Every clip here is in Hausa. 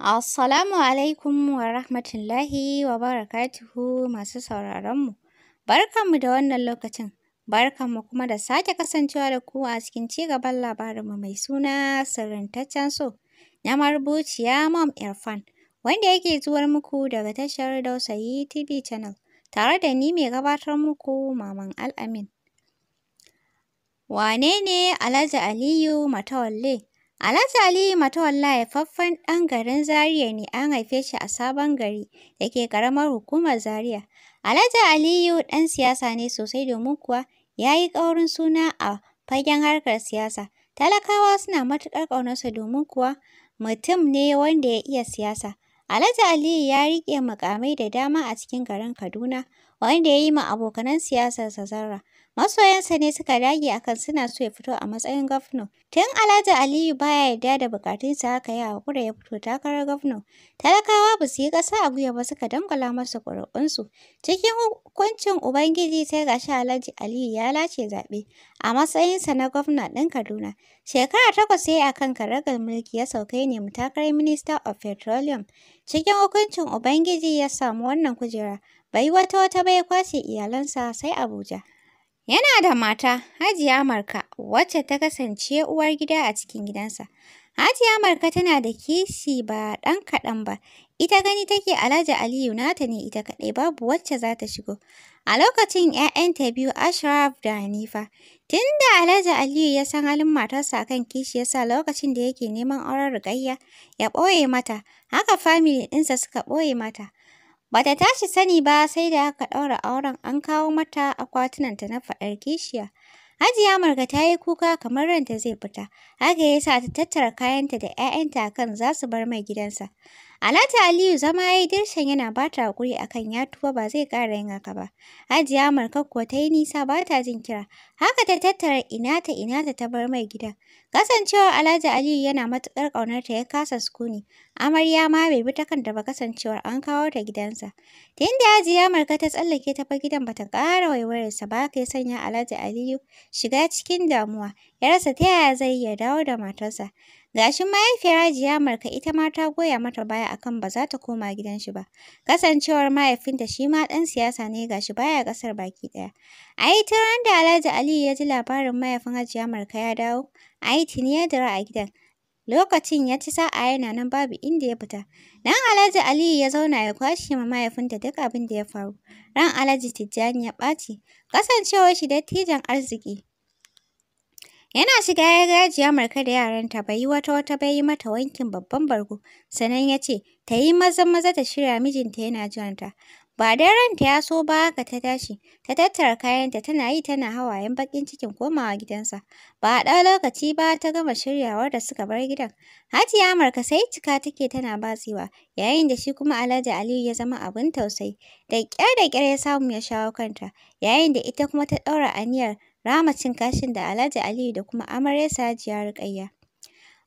Assalamu alaikum wa rahmatullahi wa barakatuhu masu sauraronmu. Barkanmu da wannan lokacin, barkanmu kuma da sake kasancewa da ku a cikin cigaban labarinmu mai suna sirrintaccen so, na marubuciya Mom Irfan, wanda yake zuwar muku daga tashar Dausayi TV Channel, tare da ni mai gabatar muku Maman Al'amin. Wane ne Alhaji Aliyu Matawalle? Alhaji Aliyu Matawalla faffan ɗan garin Zaria ne, an haife shi a Sabon Gari da ke ƙaramar hukumar Zaria. Alhaji Aliyu ɗan siyasa ne sosai domin kuwa ya yi ƙaurin suna a fagen harkar siyasa. Talakawa suna matuƙar ƙaunarsa domin kuwa mutum ne wanda ya iya siyasa. Alhaji Aliyu ya riƙe muƙamai da dama a cikin garin Kaduna, wanda ya yi ma abokanan siyasarsa zarra. Masoyansa ne suka dage akan suna so ya fito a matsayin gwamna. Tun Alhaji Aliyu baya yarda da bukatunsa haka ya hakura ya fito takarar gwamna. Talakawa ba su yi kasa a gwiwa ba suka dangwala masa ƙuri'unsu. Cikin hukuncin Ubangiji sai ga shi Alhaji Aliyu ya lace zaɓe a matsayinsa na gwamna ɗin Kaduna. Shekara takwas ya yi a kan karagar mulki ya sauka ne mu takarar Minister of Petroleum. Cikin hukuncin Ubangiji ya samu wannan kujera. Bai wata wata bai kwashe iyalansa sai Abuja. Yana da mata, Hajiya Marka, wacce ta kasance uwar gida a cikin gidansa. Hajiya Marka tana da kishi ba ɗan kaɗan ba. Ita gani take Alhaji Aliyu nata ne ita kaɗai babu wacce za ta shigo. A lokacin 'ya'yanta biyu Ashraf da Hanifa. Tun da Alhaji Aliyu ya san halin matarsa kan kishi ya sa lokacin da yake neman auren Rukayya ya ɓoye mata, haka famili ɗinsa suka ɓoye mata. bata tashi sani ba sai da aka ɗaura auren an kawo mata akwatunanta na faɗar kishiya. Hajiya Marga ta yi kuka kamar ranta zai fita, haka ya sa ta tattara kayanta da ‘ya'yanta kan za su bar mai gidansa. Alhaji Aliyu zama ya yi dirshan yana ba ta haƙuri a kan ya ba zai ƙara yin haka ba. Hajiya Marka kuwa ta yi nisa ba ta jin kira. Haka ta tattara ina ta ina ta ta bar mai gida. Kasancewar Alhaji Aliyu yana matuƙar ƙaunarta ya kasa sukuni. Amarya ma bai bi ta da ba kasancewar an kawo ta gidansa. Tun Da Hajiya Marka ta tsallake ta ba gidan ta ƙara waiwayarsa ba haka ya sanya Alhaji Aliyu shiga cikin damuwa. Ya rasa ta yaya zai ya dawo da matarsa. Gashin mahaifiyar Hajiya Marka ita ma ta goya mata baya akan ba za ta koma gidan shi ba. Kasancewar mahaifinta shi ma ɗan siyasa ne gashi baya kasar baki ɗaya. A yi ran da Alhaji Aliyu ya ji labarin mahaifin Hajiya Marka ya dawo, a yi tuni ya dira a gidan. Lokacin ya ci sa'a yana nan babu inda ya fita. Dan Alhaji Aliyu ya zauna ya kwashe ma mahaifinta duk abin da ya faru. Ran Alhaji Tijjani ya ɓaci. Kasancewar shi dattijan arziki. Yana shiga ya ga Hajiya Marka da yaranta bai yi wata wata bai yi mata wankin babban bargo, sannan ya ce ta yi maza maza ta shirya mijinta yana jiranta. Ba dai ranta ya so ba haka ta tashi, ta tattara kayanta tana yi tana hawayen bakin cikin komawa gidansa. Ba a ɗan lokaci ba ta gama shiryawar da suka bar gidan. Hajiya Marka sai cika take tana batsewa, yayin da shi kuma Alhaji Aliyu ya zama abin tausayi. Da ƙyar da kyar ya samu ya shawo kanta, yayin da ita kuma ta ɗaura aniyar Ramacin cin kashin da Alhaji Aliyu da kuma amaryarsa Hajiya Rukayya.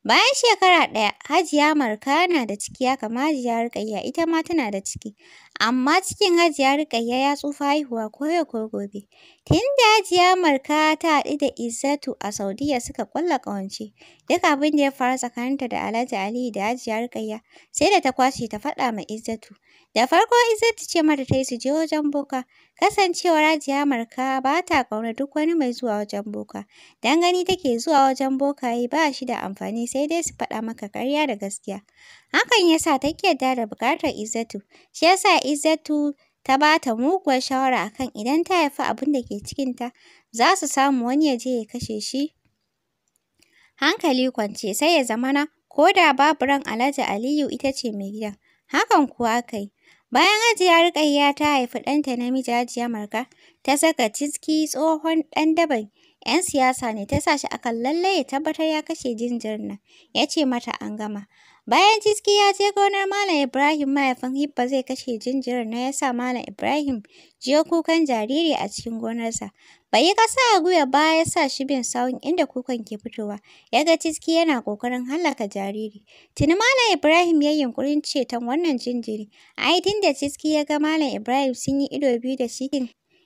Bayan shekara ɗaya, Hajiya Marka na da ciki ya kama Hajiya Rukayya ita ma tana da ciki. Amma cikin Hajiya Rukayya ya tsufa haihuwa ko yau ko gobe. Tun da Hajiya Marka ta haɗu da Izzatu a Saudiyya suka ƙulla ƙawance, duk abin da ya faru tsakaninta da Alhaji Aliyu da Hajiya Rukayya sai da ta kwashe ta faɗa ma Izzatu. Da farko Izzatu ce mata ta yi su je wajen boka, kasancewar Hajiya Marka ba ta ƙauna duk wani mai zuwa wajen boka, don gani take zuwa wajen yi ba shi da amfani sai dai su faɗa maka ƙarya da gaskiya. Hakan ya sa ta ƙi yarda da buƙatar Izzatu, shi ya sa Izzatu ta ba ta muguwar shawara akan idan ta haifi abin da ke cikinta za su samu wani ya je ya kashe shi. Hankali kwance sai ya zamana ko da babu ran Alhaji Aliyu ita ce mai gidan, hakan kuwa kai. Bayan ajiya Rukayya ta haifi ɗanta namiji Hajiya Marka, ta saka ciki tsohon ɗan daban. 'yan siyasa ne ta sa shi akan lallai ya tabbatar ya kashe jinjirin nan. Ya ce mata an gama. Bayan Ciski ya je gonar Malam Ibrahim mahaifin Hibba zai kashe jinjirin na yasa Malam Ibrahim jiyo kukan jariri a cikin gonarsa. Bai yi ƙasa a guya ba ya sa shi bin sawun inda kukan ke fitowa. Ya ga Ciski yana ƙoƙarin hallaka jariri. Tuni Malam Ibrahim ya yi yunƙurin ceton wannan jinjiri. A tun da Ciski ya ga Malam Ibrahim sun yi ido biyu da shi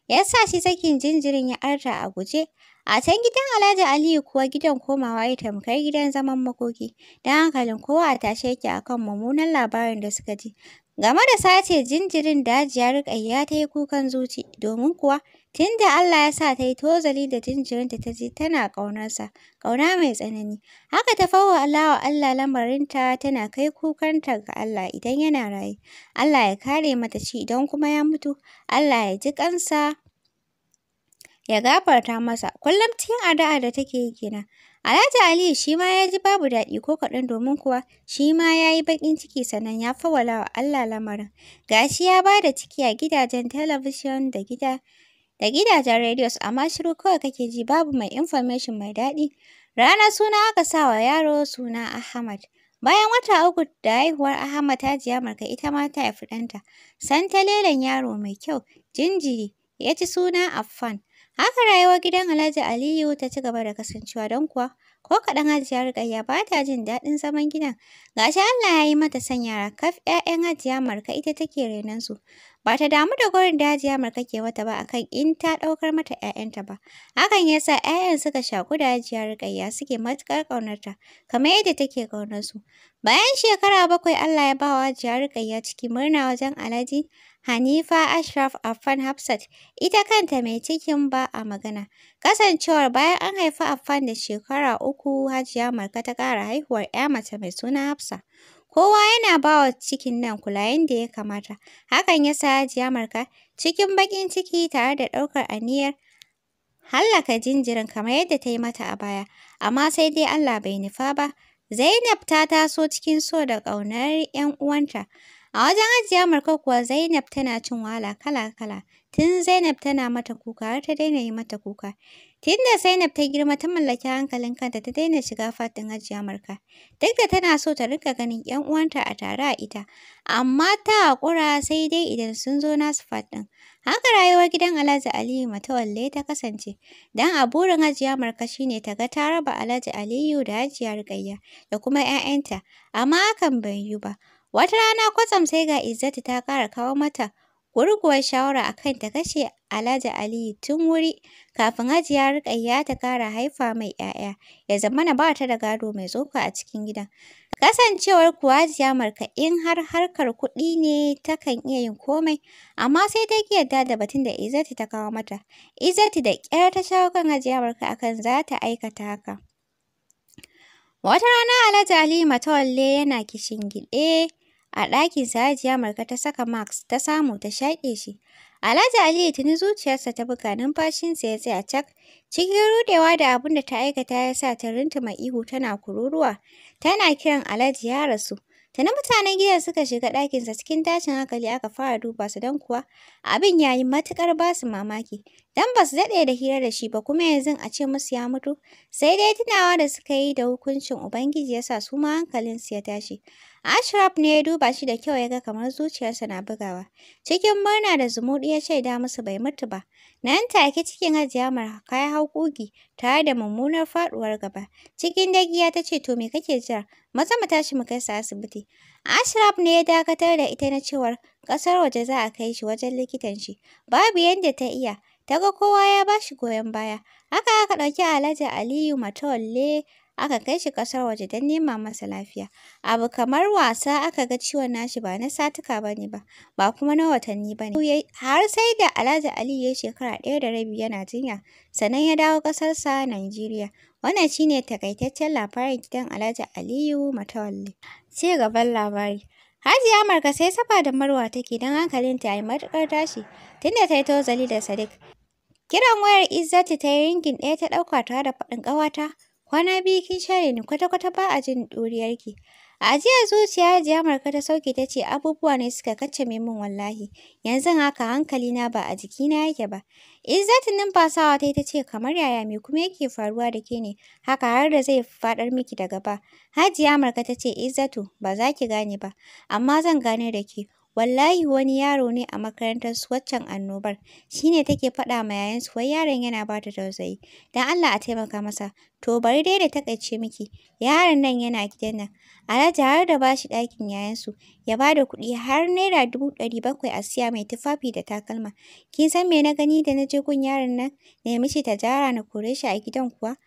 ya sa shi sakin jinjirin ya arta a guje. A can gidan Alhaji Aliyu kuwa gidan komawa ya tamkar gidan zaman makoki, don hankalin kowa a tashe yake a kan mummunan labarin da suka ji. Game da sace jinjirin da Hajiya Rukayya ta yi kukan zuci, domin kuwa tun da Allah ya sa ta yi tozali da jinjirinta ta ji tana ƙaunarsa, ƙauna mai tsanani. Haka ta 'Allah wa Allah lamarinta tana kai kukanta ga Allah idan yana raye. Allah ya kare mata shi idan kuma ya mutu, Allah ya ji ƙansa. ya gafarta masa. Kullum cikin addu'a da take yi kenan. Alhaji Aliyu shi ma ya ji babu daɗi ko kaɗan domin kuwa shi ma ya yi baƙin ciki sannan ya fawala wa Allah lamarin. Gashi ya ba da ciki a gidajen talabijin da gida da gidajen rediyo amma shiru kawai kake ji babu mai information mai daɗi. Rana suna aka sa wa yaro suna Ahmad. Bayan wata uku da haihuwar Ahmad ta jiya marka ita ma ta haifi ɗanta. Santalelen yaro mai kyau, jinjiri, ya ci suna Affan. Haka rayuwar gidan Alhaji Aliyu ta ci gaba da kasancewa don kuwa ko kaɗan Hajiya Rukayya ba ta jin daɗin zaman gidan. Ga shi Allah ya yi mata son yara kaf 'ya'yan Hajiya Marka ita take renon su. Ba ta damu da gurin da Hajiya Marka ke wata ba akan in ta ɗaukar mata 'ya'yanta ba. Hakan ya sa 'ya'yan suka shaku da Hajiya Rukayya suke matuƙar ƙaunarta kamar yadda take ƙaunar su. Bayan shekara bakwai Allah ya ba wa Hajiya Rukayya ciki murna wajen Alhaji Hanifa Ashraf Affan Hafsat ita kanta mai cikin ba a magana. Kasancewar bayan an haifi Affan da shekara uku Hajiya Marka ta ƙara haihuwar 'ya mace mai suna Hafsa. Kowa yana ba wa cikin nan kula yadda ya kamata. Hakan ya sa Hajiya Marka cikin baƙin ciki tare da ɗaukar aniyar hallaka jinjirin kamar yadda ta yi mata a baya. Amma sai dai Allah bai nufa ba. Zainab ta taso cikin so da ƙaunar 'yan uwanta. A wajen ajiya marka kuwa Zainab tana cin wahala kala-kala. Tun Zainab tana mata kuka har ta daina yi mata kuka. Tun da Zainab ta girma ta mallaki hankalin kanta ta daina shiga fatin ajiya marka. Duk da tana so ta rika ganin 'yan uwanta a tare a ita. Amma ta haƙura sai dai idan sun zo nasu fat ɗin. Haka rayuwar gidan Alhaji Aliyu Matawalle ta kasance. Dan a burin ajiya Marka shine ta ga ta raba Alhaji Aliyu da Hajiya Rukayya da kuma 'ya'yanta, amma hakan bai yiwu ba. Wata rana kwatsam sai ga Izzatu ta ƙara kawo mata gurguwar shawara a kan ta kashe Alhaji Aliyu tun wuri kafin Hajiya Rukayya ta ƙara haifa mai 'ya'ya ya zamana ba ta da gado mai tsoka a cikin gidan. Kasancewar kuwa Hajiya Marka in har harkar kuɗi ne takan iya yin komai amma sai ta ki yarda da batun da Izzatu ta kawo mata. Izzatu da ƙyar ta shawo kan Hajiya Marka akan za ta aikata haka. Wata rana Alhaji Aliyu Matawalle yana kishingiɗe A ɗakinsa Hajiya Marka ta saka mask ta samu ta shaƙe shi. Alhaji Aliyu tuni zuciyarsa ta buga numfashinsa ya tsaya cak. Cikin rudewa da abin da ta aikata ya sa ta rintuma ihu tana kururuwa. Tana kiran Alhaji ya rasu. Tuni mutanen gida suka shiga ɗakinsa cikin tashin hankali aka fara duba su don kuwa abin ya yi matuƙar ba su mamaki. Don ba su daɗe da hira da shi ba kuma yanzu a ce musu ya mutu. Sai dai tunawa da suka yi da hukuncin Ubangiji ya sa su ma hankalinsu ya tashi. Ashraf ne ya duba shi da kyau ya ga kamar zuciyarsa na bugawa. Cikin murna da zumuɗi ya shaida musu bai mutu ba. Nan take cikin hajiya marhaka ya hau ƙugi tare da mummunar faɗuwar gaba. Cikin dagiya ta ce to me kake jira? Maza mu tashi mu kai sa asibiti. Ashraf ne ya dakatar da ita na cewar ƙasar waje za a kai shi wajen likitan shi. Babu yadda ta iya. Ta ga kowa ya bashi shi goyon baya. Haka aka ɗauki Alhaji Aliyu Matolle aka kai shi ƙasar waje don nema masa lafiya. Abu kamar wasa aka ga ciwon nashi ba na satuka ba ne ba, ba kuma na watanni ba ne. Har sai da Alhaji Ali ya shekara ɗaya da rabi yana jinya, sannan ya dawo ƙasarsa Najeriya. Wannan shine takaitaccen labarin gidan Alhaji Aliyu Matawalle. Ci gaban labari. Hajiya Marka sai Safa da Marwa take don hankalin ya yi matuƙar tashi, tunda ta yi tozali da Sadiq. Kiran wayar Izzati ta yi ringin ɗaya ta ɗauka tare da faɗin ƙawata. Kwana biyu kin share ni kwata-kwata ba a jin ɗuriyarki. A jiya zuciya Hajiya Marka ta sauke ta ce abubuwa ne suka kaccame min wallahi. Yanzu haka hankali na ba a jiki na yake ba. Izzatin numfasawa ta yi ta ce kamar yaya me kuma yake faruwa da ke ne haka har da zai faɗar miki da ba Hajiya Marka ta ce Izzatu ba za ki gane ba amma zan gane da ke. Wallahi wani yaro ne a makarantar su waccan annobar. Shi ne take faɗa ma yayansu wai yaron yana ba ta tausayi. Dan Allah a taimaka masa. To bari dai da takaice miki. Yaron nan yana gidan nan. A Alhaji har da bashi shi ɗakin yayansu. Ya ba da kuɗi har naira dubu ɗari bakwai a siya mai tufafi da takalma. Kin san me na gani da na je gun yaron nan? Na yi mishi tajara na kore shi a gidan kuwa.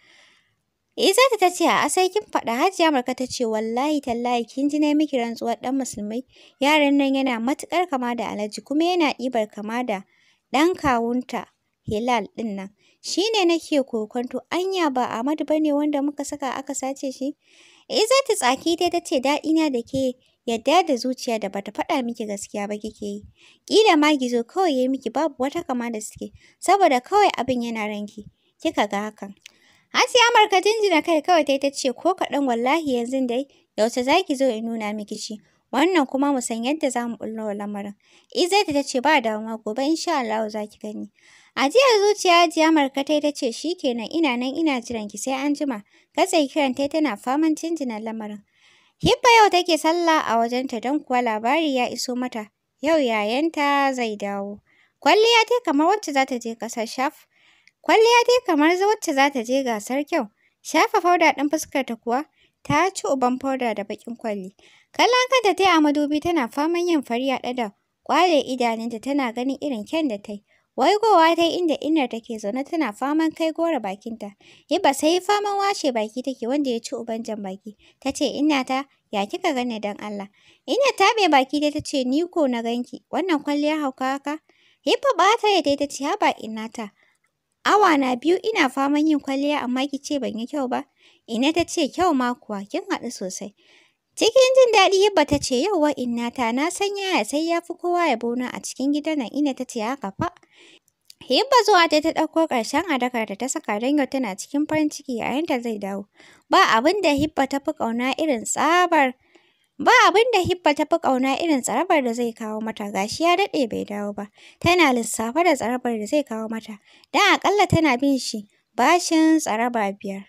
Izzatu eh, ta ce a sai kin faɗa Hajiya Marka ta ce wallahi tallahi kin ji nayi miki rantsuwar ɗan musulmai yaran nan yana matukar kama da Alhaji kuma yana ɗibar kama da ɗan kawunta Hilal ɗin nan. Shi ne nake kokonto anya ba Ahmadu ne wanda muka saka aka sace shi. Eh, zata tsaki dai ta ce na da ke yadda da zuciya da bata faɗa miki gaskiya ba kike yi. Ƙila ma gizo kawai ya miki babu wata kama da suke saboda kawai abin yana ranki. Kika ga hakan. sai Amurka jinjina kai kawai ta ta ce ko kaɗan wallahi yanzu dai yaushe za ki zo in nuna miki shi. Wannan kuma mu san yadda za mu ɓullo lamarin. Izzaita ta ce ba damuwa gobe insha Allah za ki gani. Ajiyar zuciya ji Amurka ta ta ce shi kenan ina nan ina jiran ki sai an jima. Katse kiran ta tana faman jinjina lamarin. Hibba yau take sallah a wajenta don kuwa labari ya iso mata. Yau yayanta zai dawo. Kwalliya ta kamar wacce za ta je ƙasar Shaf. Kwalliya dai kamar wacce za ta je gasar kyau, shafa fauda ɗin fuskarta kuwa ta ci uban fauda da bakin kwalli. Kallon kanta ta yi a madubi tana faman yin fari a da ƙwale idanunta tana ganin irin kyan da ta yi. Waigowa ta yi inda innar take zaune tana faman kai gora bakinta. Hiba sai faman washe baki take wanda ya ci uban jan baki. Ta ce ina ta ya kika gane don Allah. Inna ta bai baki dai ta ce ni ko na ganki wannan kwalliya hauka haka. Hibba ɓata ya dai ta ce haba ina ta. Awa na biyu ina faman yin kwalliya amma ki ce ban yi kyau ba. Ina ta ce kyau ma kuwa kin haɗu sosai. Cikin jin daɗi Hibba ta ce yauwa ta na san yaya sai ya fi kowa ya bona, a cikin gidan nan ina ta ce haka fa. Hibba zuwa ta ta ɗauko ƙarshen adakar da ta saka don yau tana cikin farin ciki yayin da zai dawo. Ba abin da Hibba ta fi ƙauna irin tsabar Ba abin da Hibba ta fi ƙauna irin tsarabar da zai kawo mata, gashi ya daɗe bai dawo ba. Tana lissafa da tsarabar da zai kawo mata, don aƙalla tana bin shi bashin tsaraba biyar.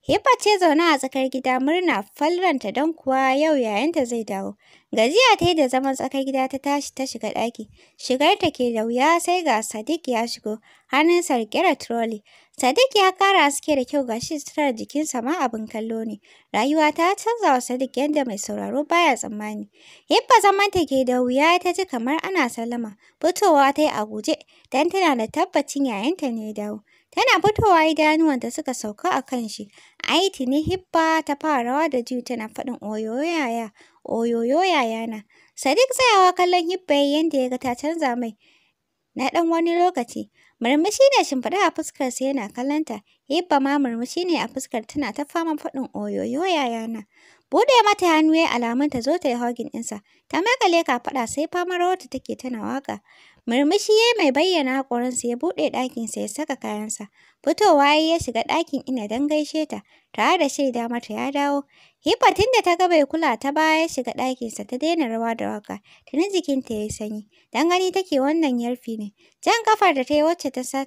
Hibba ce zaune a tsakar gida murna fallonta don kuwa yau yayanta zai dawo. Gajiya ta yi da zaman tsakar gida ta tashi ta shiga ɗaki. Shigar ta ke da wuya sai ga Sadiq ya shigo, hannunsa riƙe da trolley. Sadiq ya ƙara haske da kyau gashi suturar jikinsa ma abin kallo ne. Rayuwa ta canza wa Sadiq yadda mai sauraro baya tsammani. zaman ta ke da wuya ta ji kamar ana sallama. Fitowa ta yi a guje, don tana da tabbacin yayanta ne ya dawo. Tana fitowa da suka sauka a kan shi. Aiti ne hibba ta fara rawa da jiyu tana faɗin oyoyaya. Oyoyo yayana. Sadiq tsayawa kallon Hibba yadda ya ga ta canza mai. Na ɗan wani lokaci, murmushi da shimfiɗa a fuskarsa yana kallonta, Hibba ma murmushi ne a fuskar tana ta faman faɗin oyoyo na Bude mata hannu ya alamun ta zo ta yi hogin ɗinsa. Ta makale ka faɗa sai famar ta take tana waka Murmushi ya mai bayyana haƙorinsa ya buɗe ɗakinsa ya saka kayansa. Fitowa ya ya shiga ɗakin ina don gaishe ta, tare da shaida mata ya dawo. Hibba tun da ta ga bai kula ta baya ya shiga ɗakinsa ta daina rawa da waƙa. Tuni jikinta ya yi sanyi. Dan gani take wannan yarfi ne. Jan kafar da ta yi wacce ta sa?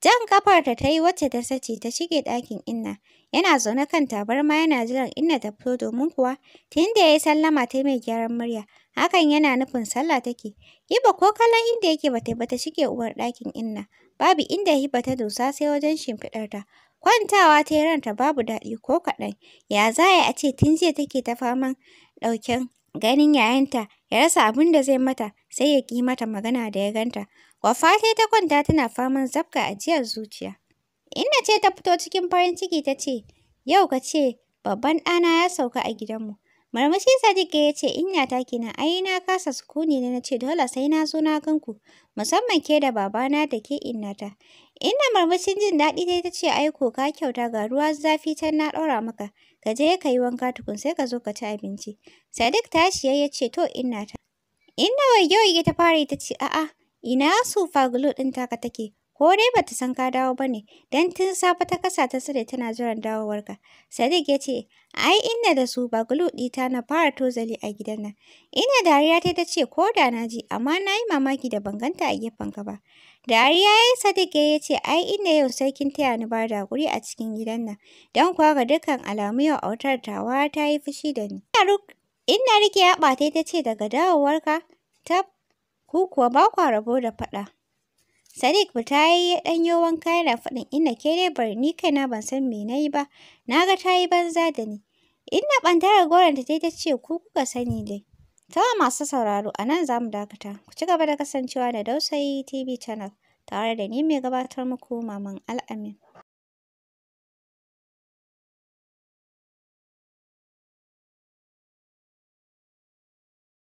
Jan ƙafarta ta yi wacce ta sace ta shige ɗakin Inna. Yana zaune kan tabarma yana jiran Inna ta fito domin kuwa tun da ya yi sallama ta mai gyaran murya. Hakan yana nufin sallah take. Hiba ko kallon inda yake bata ba shige uwar ɗakin Inna. Babu inda Hiba ta dosa sai wajen shimfiɗarta. Kwantawa ta yi ranta babu daɗi ko kaɗan. Ya za a ce tun jiya take ta faman ɗauken ganin yayanta ya rasa abin da zai mata sai ya ƙi mata magana da ya ganta. Wafa sai ta kwanta tana faman zabga ajiyar zuciya. Inna ce ta fito cikin farin ciki ta ce, Yau ka ce, babban ɗana ya sauka a gidanmu. Marmashi Sadiq ya ce, Inna ta kina, ai na kasa sukuni ne na ce dole sai na zo na ganku, musamman ke da babana da ke innata. Inna marmashin jin daɗi dai ta ce, Aiko ka kyauta ga ruwa zafi can na ɗora maka, ka je ka yi wanka tukun sai ka zo ka ci abinci. Sadiq tashi ya ce, To ta. Inna wai yau ta fara ta ce, A'a, Ina sufa glue ɗin taka take? Ko dai bata san ka dawo ba ne, don tun safe ta kasa ta tsire tana jiran dawowarka. Sadiq ya ce, ai ina da su, sufa glue ta na fara tozali a gidan nan. Ina dariya ta ta ce, ko da na ji, amma na yi mamaki da banganta a gefenka ba. Dariya ya yi Sadiq ya ce, ai ina yau sai kin taya ni ba da guri a cikin gidan nan, don kuwa ga dukkan alamu yau autar tawa ta yi fushi da ni. Ina rike ya ɓata ta ce daga dawowarka, ta. ku kuwa ba kwa rabo da faɗa. Sadiq fita ya yi ɗanyo wanka yana faɗin ina ke dai bari ni kaina ban san me na yi ba, na ga ta yi banza da ni. Inna ɓantarar goron ta ta ce ku kuka sani dai. Ta masu sauraro a nan za mu dakata, ku ci gaba da kasancewa da Dausayi TV Channel tare da ni mai gabatar muku Maman Al'amin.